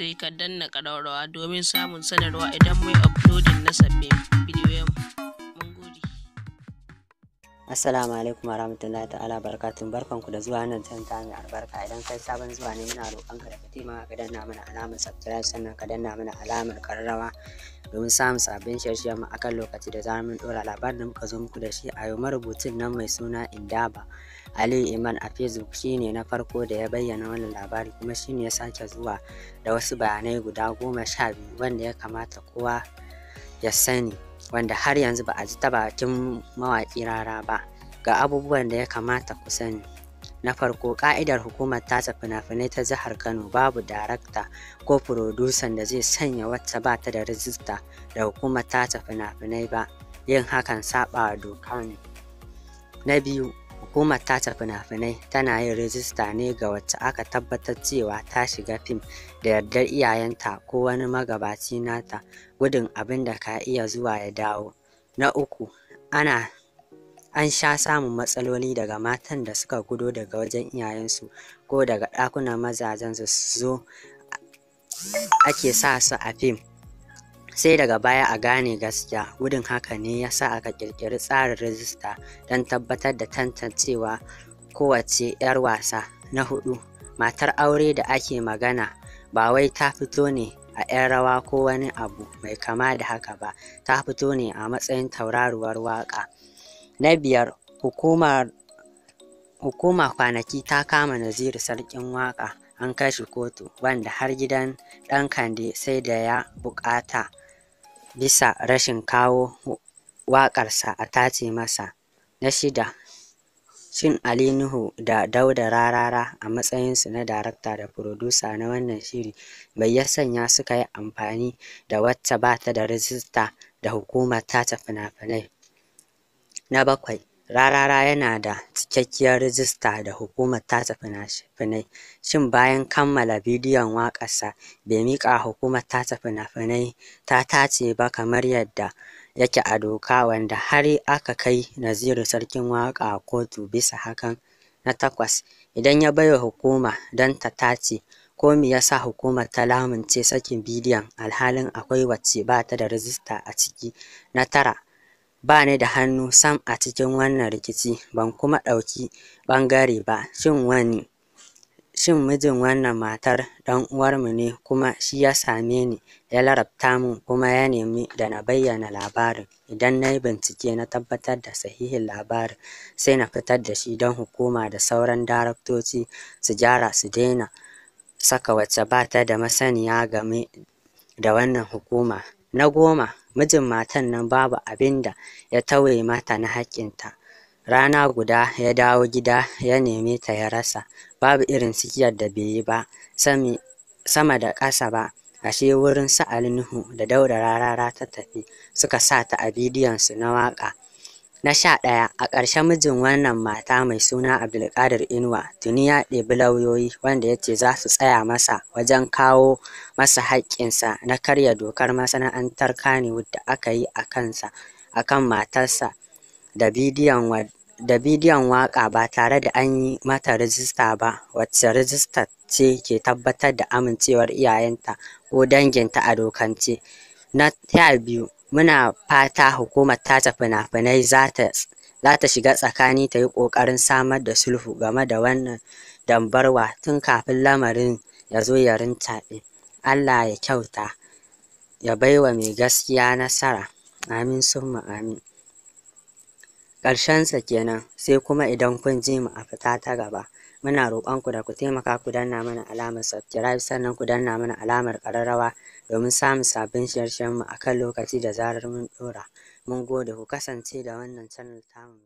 sai ka danna ƙararrawa domin samun sanarwa idan mai uploadin na sabbin bidiyoyin mun gode. Assalamu alaikum warahmatullahi ta'ala barkatun barkanku da zuwa nan can ta mai albarka idan kai sabon zuwa ne muna roƙonka da ka taimaka ka danna mana alamar subscribe sannan ka danna mana alamar ƙararrawa domin samun sabbin shirye mu akan lokaci da zarar mun dora labarin da muka zo muku da shi a yau marubucin nan mai suna Indaba ali Iman a Facebook shine na farko da ya bayyana wannan labari kuma shine ya sake zuwa da wasu bayanai guda goma sha biyu wanda ya kamata kowa ya sani wanda har yanzu ba a ji ta bakin mawaƙi rara ba ga abubuwan da ya kamata ku sani. Na farko ka'idar hukumar tatsa fina-finai ta jihar Kano babu darakta ko furodusan da zai sanya wacce ba ta da rijista da hukumar tatsa fina-finai ba yin hakan saba doka ne. Na biyu hukumar tace fina-finai tana yin rijista ne ga wacce aka tabbatar cewa ta shiga fim da yardar iyayenta ko wani magabaci nata gudun abin da ka iya zuwa ya dawo. Na uku ana An sha samun matsaloli daga matan da suka gudo daga wajen iyayensu ko daga ɗakunan mazajen su zo ake sa su a fim, sai daga baya a gane gaskiya. Gudun haka ne ya sa aka ƙirƙiri tsarin rajista don tabbatar da tantancewa kowace 'yar wasa. Na hudu, matar aure da ake magana ba wai ta fito ne a 'yan rawa ko wani abu mai kama da haka ba, ta fito ne a matsayin tauraruwar waƙa. na biyar hukumar hukuma kwanaki ta kama naziru sarkin waka an kashi kotu wanda har gidan ɗan kande sai da ya buƙata bisa rashin kawo waƙarsa a tace masa na shida shin ali nuhu da dauda rarara a matsayinsu na darakta da furodusa na wannan shiri bai ya sanya suka yi amfani da wacce ba ta da rijista da hukumar tace fina-finai Na bakwai, Rarara yana da cikakkiyar rijista da Hukumar Tace Fina-finai, shin bayan kammala bidiyon waƙarsa bai miƙa Hukumar tasa Fina-finai ta tace ba kamar yadda yake a doka wanda har aka kai Naziru Sarkin Waƙa kotu bisa hakan. Na takwas, idan ya baiwa hukuma don ta tace ko me yasa hukumar ta lamunce sakin bidiyon alhalin akwai wacce ba ta da rijista a ciki. Na tara, Ba ni da hannu sam a cikin wannan rikici ban kuma ɗauki ɓangare ba, shin mijin wannan matar uwarmu ne kuma shi ya same ni ya larabta min kuma ya nemi da na bayyana labarin. Idan na yi bincike na tabbatar da sahihin labarin, sai na fitar da shi don hukuma da sauran daraktoci su gyara su daina saka wacce ba ta da masaniya game da wannan hukuma. Na goma. mijin matan nan babu abin da ya tauye mata na haƙƙinta rana guda ya dawo gida ya neme ta ya rasa babu irin sikiyar da bai yi ba sama da ƙasa ba ashe wurin sa'al nuhu da daura rarara ta tafi suka sa ta a bidiyonsu na waƙa Na sha ɗaya a ƙarshe mijin wannan mata mai suna Abdulkadir Inuwa tuni ya ɗebi lauyoyi wanda ya ce za su tsaya masa wajen kawo masa haƙƙinsa na karya dokar masana'antar Kannywood da aka yi a kansa a kan matarsa da bidiyon waƙa ba tare da an yi mata rijista ba wacce rijista ce ke tabbatar da amincewar iyayenta ko danginta a dokance. Na sha biyu muna fata hukumar tace fina-finai za ta shiga tsakani ta yi ƙoƙarin samar da sulhu game da wannan dambarwa tun kafin lamarin ya zo ya Allah ya kyauta, ya baiwa mai gaskiya nasara. Amin sun amin. Ƙarshensa kenan, sai kuma idan kun ji mu a fita ta gaba. muna roƙon ku da ku taimaka ku danna mana alamar subscribe sannan ku danna mana alamar ƙararrawa domin samun sabbin shirye-shiryenmu a kan lokaci da zarar mun ɗora mun gode ku kasance da wannan channel tamu